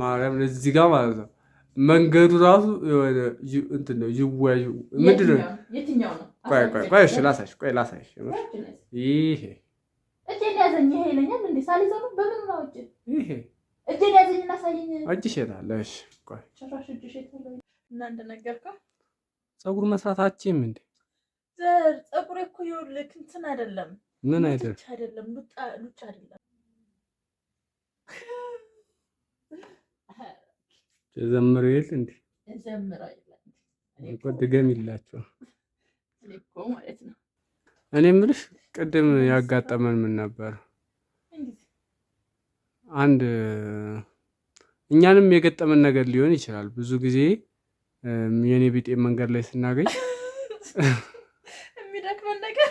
ማርያም እዚህ ጋር ማለት ነው። መንገዱ ራሱ የሆነ እንትን ነው። ይወያዩ ምንድን ነው? ቆይ ቆይ ቆይ፣ እሺ ላሳይሽ፣ ቆይ ላሳይሽ። ይሄ እጅሽ እሺ ቆይ ፀጉር እኮ ይኸውልህ እንትን አይደለም። ምን አይደለም? አይደለም አይደለም ተዘምሮ ይል እንዴ ተዘምራይ እኮ ድገም ድገሚላቸው እኮ ማለት ነው። እኔ የምልሽ ቅድም ያጋጠመን ምን ነበር? አንድ እኛንም የገጠመን ነገር ሊሆን ይችላል። ብዙ ጊዜ የኔ ቢጤ መንገድ ላይ ስናገኝ የሚደክመን ነገር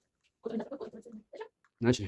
Znaczy.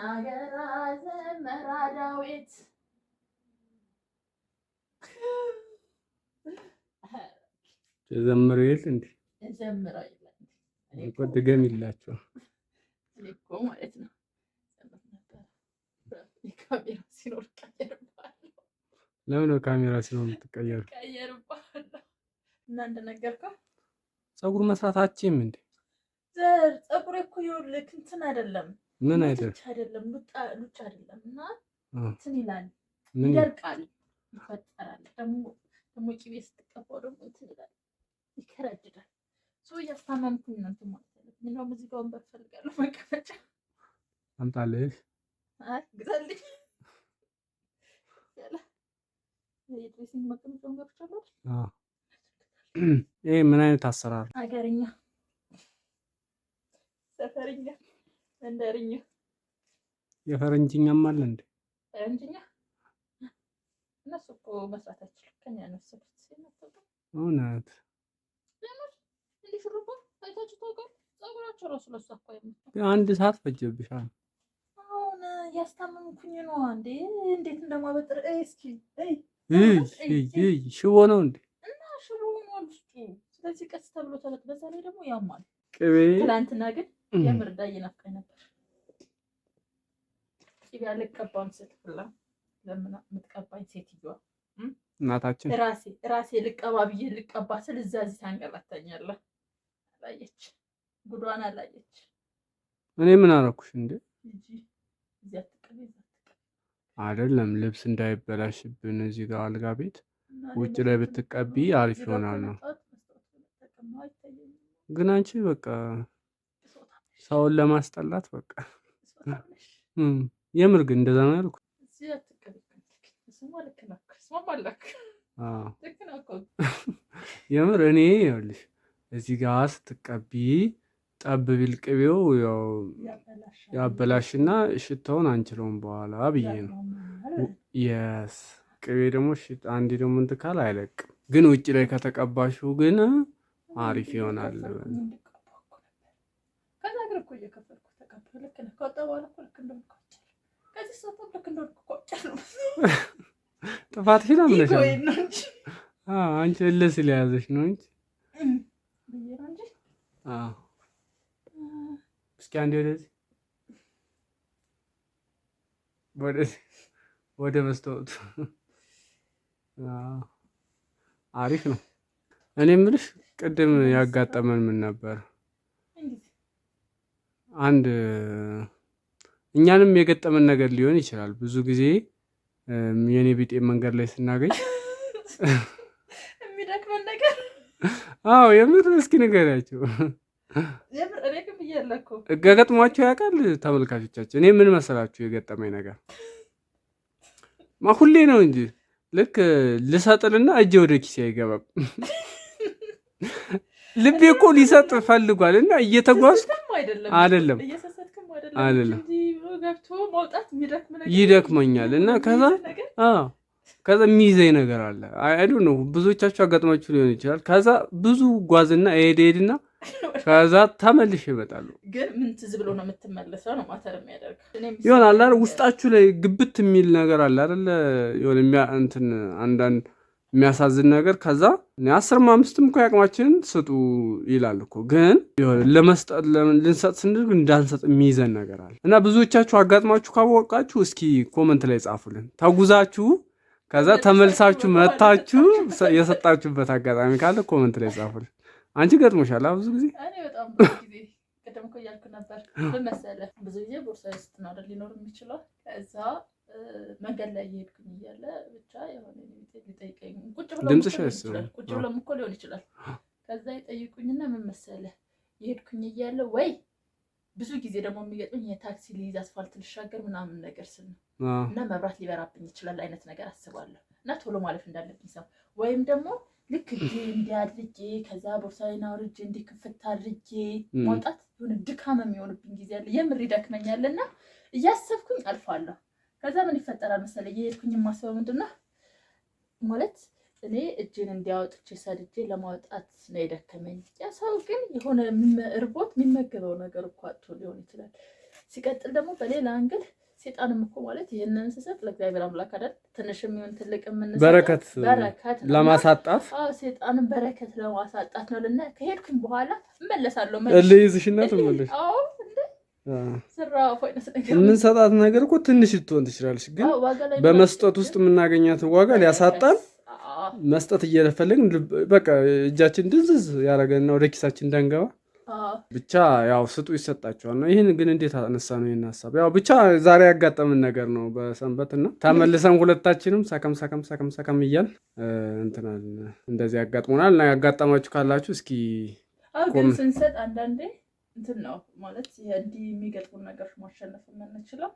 ተናገራ ዘመራ ዳዊት ተዘምሮ ይል እንዴ ተዘምሮ ይላል እኮ ድገም ይላችሁ ለምን ካሜራ ሲኖር የምትቀየሩ? ፀጉር መስራት አትችይም እንዴ? ፀጉር እኮ ይኸውልህ እንትን አይደለም ምን አይደለም ሉጫ አይደለም እና እንትን ይላል፣ ይደርቃል፣ ይፈጠራል። ደግሞ ቂቤ ስትቀባው ደግሞ እንትን ይላል፣ ይከረድዳል። ሰው እያስታመምኩኝ ነው ማለት ነው። እንደውም እዚህ ጋር ወንበር ፈልጋለሁ መቀመጫ አምጣልህ ግዛልኝ። መቀመጫ ወንበር ብቻ ምን አይነት አሰራር አገርኛ ሰፈርኛ እንደርኛ የፈረንጅኛም አለ እንዴ? ፈረንጅኛ እነሱ እኮ መስራት አይችሉም ከኛ ነው ሰጥቶ እውነት እንዲህ አይታችሁ ታውቃል? ጸጉራቸው ራሱ ለሱ አንድ ሰዓት ፈጀብሻል። አሁን ያስታመምኩኝ ነው አንዴ እንዴት እንደማበጥር እስኪ ሽቦ ነው እንዴ? እና ሽቦ ሆኗል። ስለዚህ ቀስ ተብሎ ተለቅ። በዛ ላይ ደግሞ ያማል ቅቤ ትናንትና ግን የምር ዳይ ናፍቀኝ ነበር። ቅቤ አልቀባም ለምን የምትቀባኝ ሴትዮዋ እናታችን ራሴ ራሴ ልቀባ ብዬ ልቀባ ስል እዛ እዚህ ታንገላታኛለህ። አላየች ጉዷን አላየች። እኔ ምን አደረኩሽ እንዴ? አይደለም ልብስ እንዳይበላሽብን እዚህ ጋር አልጋ ቤት ውጭ ላይ ብትቀቢ አሪፍ ይሆናል ነው። ግን አንቺ በቃ ሰውን ለማስጠላት በቃ የምር ግን እንደዛ ነው ያልኩ። የምር እኔ ይኸውልሽ እዚህ ጋ ስትቀቢ ጠብ ቢል ቅቤው ያው ያበላሽና ሽታውን አንችለውም በኋላ ብዬ ነው። የስ ቅቤ ደግሞ አንዴ ደግሞ እንትን ካል አይለቅም። ግን ውጭ ላይ ከተቀባሽው ግን አሪፍ ይሆናል። እኮ እየከፈልኩ ልክ ነህ። በኋላ እኮ ልክ እንደሆነ ከዚህ ልክ እንደሆነ ጥፋት ፊል አለሽ አንቺ እልህ ስለያዘሽ ነው እንጂ እስኪ አንዴ ወደዚህ ወደዚህ ወደ መስታወቱ አሪፍ ነው። እኔ የምልሽ ቅድም ያጋጠመን ምን ነበር? አንድ እኛንም የገጠመን ነገር ሊሆን ይችላል። ብዙ ጊዜ የኔ ቢጤ መንገድ ላይ ስናገኝ የሚደክመን ነገር አዎ፣ የምር እስኪ ንገሪያቸው። ገገጥሟቸው ያውቃል ተመልካቾቻችን። እኔ ምን መሰላችሁ የገጠመኝ ነገር ሁሌ ነው እንጂ ልክ ልሰጥልና እጄ ወደ ኪሴ አይገባም። ልቤ እኮ ሊሰጥ ፈልጓል እና እየተጓዝኩ አይደለም አይደለም ይደክመኛል እና ከዛ ከዛ የሚይዘኝ ነገር አለ። አይዱ ነው ብዙዎቻችሁ አጋጥማችሁ ሊሆን ይችላል። ከዛ ብዙ ጓዝና ሄድ ሄድና ከዛ ተመልሼ እመጣለሁ። ግን ምን ትዝ ብሎ ነው የምትመለሰው? ነው ማተር የሚያደርግ ይሆናል አይደል? ውስጣችሁ ላይ ግብት የሚል ነገር አለ አይደለ? የሆነ እንትን አንዳንድ የሚያሳዝን ነገር ከዛ አስርም አምስትም እኮ ያቅማችንን ስጡ ይላል እኮ ግን ለመስጠት ልንሰጥ ስንል እንዳንሰጥ የሚይዘን ነገር አለ እና ብዙዎቻችሁ አጋጥማችሁ ካወቃችሁ እስኪ ኮመንት ላይ ጻፉልን። ተጉዛችሁ ከዛ ተመልሳችሁ መታችሁ የሰጣችሁበት አጋጣሚ ካለ ኮመንት ላይ ጻፉልን። አንቺ ገጥሞሻል ብዙ ጊዜ ቅድም እኮ እያልኩ ነበር ብዙ ጊዜ ቦርሳ ውስጥ ሊኖር የሚችለው መንገድ ላይ እየሄድኩኝ እያለ ብቻ የሆነ ሊጠይቀኝ ቁጭ ብሎም እኮ ሊሆን ይችላል። ከዛ ይጠይቁኝና ምን መሰለ የሄድኩኝ እያለ ወይ ብዙ ጊዜ ደግሞ የሚገጥመኝ የታክሲ ልይዝ አስፋልት ልሻገር ምናምን ነገር ስል ነው እና መብራት ሊበራብኝ ይችላል አይነት ነገር አስባለሁ እና ቶሎ ማለፍ እንዳለብኝ ሰው ወይም ደግሞ ልክ እጄ እንዲያድርጌ ከዛ ቦርሳዬን አውርጄ እንዲህ ክፍት አድርጌ ማውጣት የሆነ ድካም የሚሆንብኝ ጊዜ አለ። የምር ይደክመኛልና እያሰብኩኝ አልፋለሁ። ከዛ ምን ይፈጠራል መሰለ የሄድኩኝ የማስበው ምንድን ነው ማለት እኔ እጄን እንዲያወጥቼ ሰድጄ ለማውጣት ነው የደከመኝ። ያ ሰው ግን የሆነ እርቦት የሚመገበው ነገር እኮ አጥቶ ሊሆን ይችላል። ሲቀጥል ደግሞ በሌላ አንግል ሴጣንም እኮ ማለት ይህንን እንስሰት ለእግዚአብሔር አምላክ አይደል ትንሽም ይሁን ትልቅ በረከት ለማሳጣት ሴጣንም በረከት ለማሳጣት ነው ልና ከሄድኩኝ በኋላ እመለሳለሁ ልይዝሽነት መለሽ የምንሰጣት ነገር እኮ ትንሽ ልትሆን ትችላለች፣ ግን በመስጠት ውስጥ የምናገኛት ዋጋ ሊያሳጣን መስጠት እየፈለግን በቃ እጃችን ድንዝዝ ያደረገና ወደ ኪሳችን እንዳንገባ ብቻ ያው ስጡ ይሰጣቸዋል ነው። ይህን ግን እንዴት አነሳ ነው ይህን ሀሳብ? ያው ብቻ ዛሬ ያጋጠምን ነገር ነው በሰንበት እና ተመልሰን ሁለታችንም ሰከም ሰከም ሰከም ሰከም እያል እንትናል እንደዚህ ያጋጥሞናል። እና ያጋጠማችሁ ካላችሁ እስኪ ስንሰጥ አንዳንዴ እንትን ነው ማለት እንዲህ የሚገጥሙን ነገሮች ማሸነፍ የምንችለው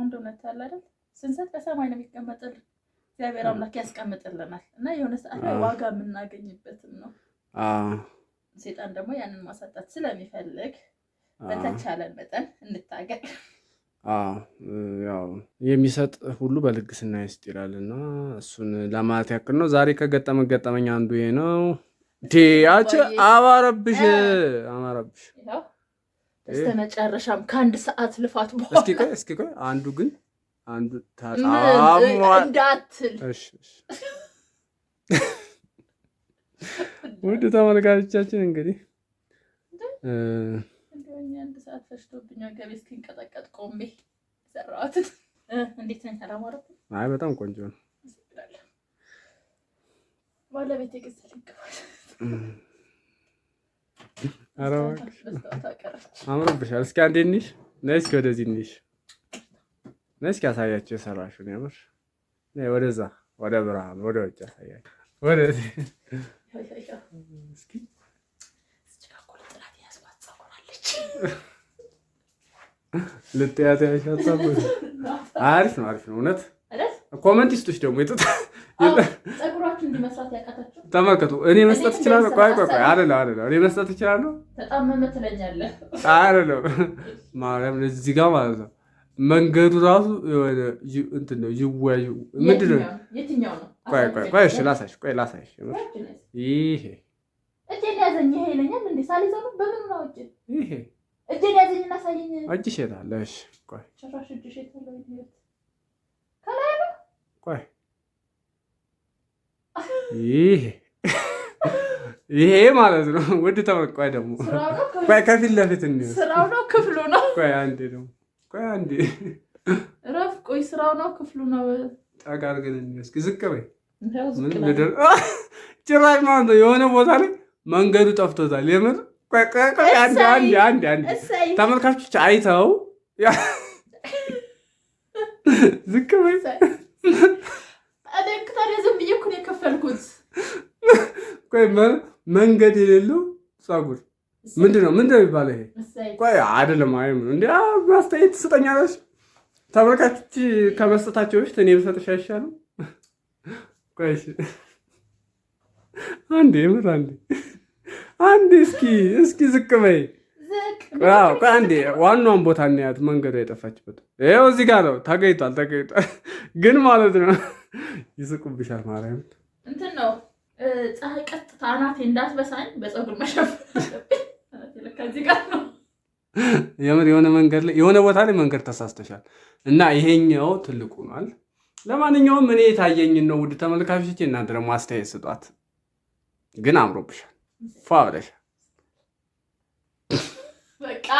አንድ እውነት አለ አይደል? ስንሰጥ በሰማይ ነው የሚቀመጥልን እግዚአብሔር አምላክ ያስቀምጥልናል እና የሆነ ሰዓት ላይ ዋጋ የምናገኝበትም ነው። ሴጣን ደግሞ ያንን ማሳጣት ስለሚፈልግ በተቻለን መጠን እንታገል። ያው የሚሰጥ ሁሉ በልግስና ይስጥ ይላል እና እሱን ለማለት ያክል ነው። ዛሬ ከገጠመ ገጠመኝ አንዱ ይሄ ነው። ቴ አማረብሽ አማረብሽ በስተመጨረሻም ከአንድ ሰዓት ልፋት በኋላ እስኪ ቆይ አንዱ ግን አንዱ እንዳትል ውድ ተመልካቾቻችን እንግዲህ አንድ ሰዓት ገቤ እስኪንቀጠቀጥ ቆሜ እንዴት ነኝ? አይ በጣም ቆንጆ ነው። ባለቤት የገዛ ልግባል ኧረ እባክሽ አምሮብሻል። እስኪ አንዴ እንሂድ። ነይ እስኪ ወደዚህ እንሂድ። ነይ እስኪ አሳያቸው የሰራሽውን የምር ወደዛ ወደ ወደ ውጭ አሳያቸው ወደዚህ ልጥያት አሪፍ ነው፣ አሪፍ ነው እውነት። ኮመንት ስቶች ደግሞ ይጡት ጸጉራችሁ እንዲመስራት ያቃታችሁ ተመልከቱ። እኔ መስጠት ይችላል ቆይ ቆይ ቆይ፣ አይደለም አይደለም፣ እኔ መስጠት እችላለሁ። ተጣመመ ትለኛለህ። አይደለም ማርያም፣ እዚህ ጋር ማለት ነው። መንገዱ ራሱ የሆነ እንትን ነው። ይወያዩ ምንድን ነው? የትኛው ነው? ቆይ ቆይ ቆይ፣ እሺ ላሳይሽ፣ ቆይ እሺ ቆይ ላሳሽ ይሄ እጄን ያዘኝ። ይሄ ይለኛል እንዴ? ሳልይዘው በምን ነው እጄ? ይሄ እጄን ያዘኝ እና ሳይኝ እጅሽ የት እሺ ቆይ፣ ቆይ ይሄ ይሄ ማለት ነው። ውድ ተመቋይ ደግሞ ከፊት ለፊት ስራው ነው ክፍሉ ነው። ቆይ አንዴ ቆይ አንዴ ቆይ ስራው ነው ክፍሉ ነው። ዝቅ በይ። ጭራሽ ማለት ነው የሆነ ቦታ ላይ መንገዱ ጠፍቶታል። የምር ተመልካቾች አይተው ዝቅ በይ የከፈልኩት። ቆይ መንገድ የሌለው ጸጉር ምንድን ነው ምንድን ነው የሚባለው? ይሄ ቆይ አይደለም። አይም እንዲ አስተያየት ትሰጠኛለች። ተመልካች ከመስጠታቸው በፊት እኔ ብሰጥሽ አይሻልም? ቆይ አንዴ ምር አንዴ አንዴ እስኪ እስኪ ዝቅ በይ። ቆይ አንዴ ዋናውን ቦታ እናያት። መንገዱ የጠፋችበት ይኸው እዚህ ጋር ነው። ተገኝቷል ተገኝቷል ግን ማለት ነው ይስቁብሻል። ማርያም እንትን ነው ፀሐይ ቀጥታ አናቴ እንዳትበሳኝ በፀጉር መሸፈን ከዚህ ጋር ነው። የምር የሆነ መንገድ ላይ የሆነ ቦታ ላይ መንገድ ተሳስተሻል እና ይሄኛው ትልቁ ሆኗል። ለማንኛውም እኔ የታየኝን ነው ውድ ተመልካቾች፣ እናንተ ደግሞ አስተያየት ስጧት። ግን አምሮብሻል፣ ፏ ብለሻል። በቃ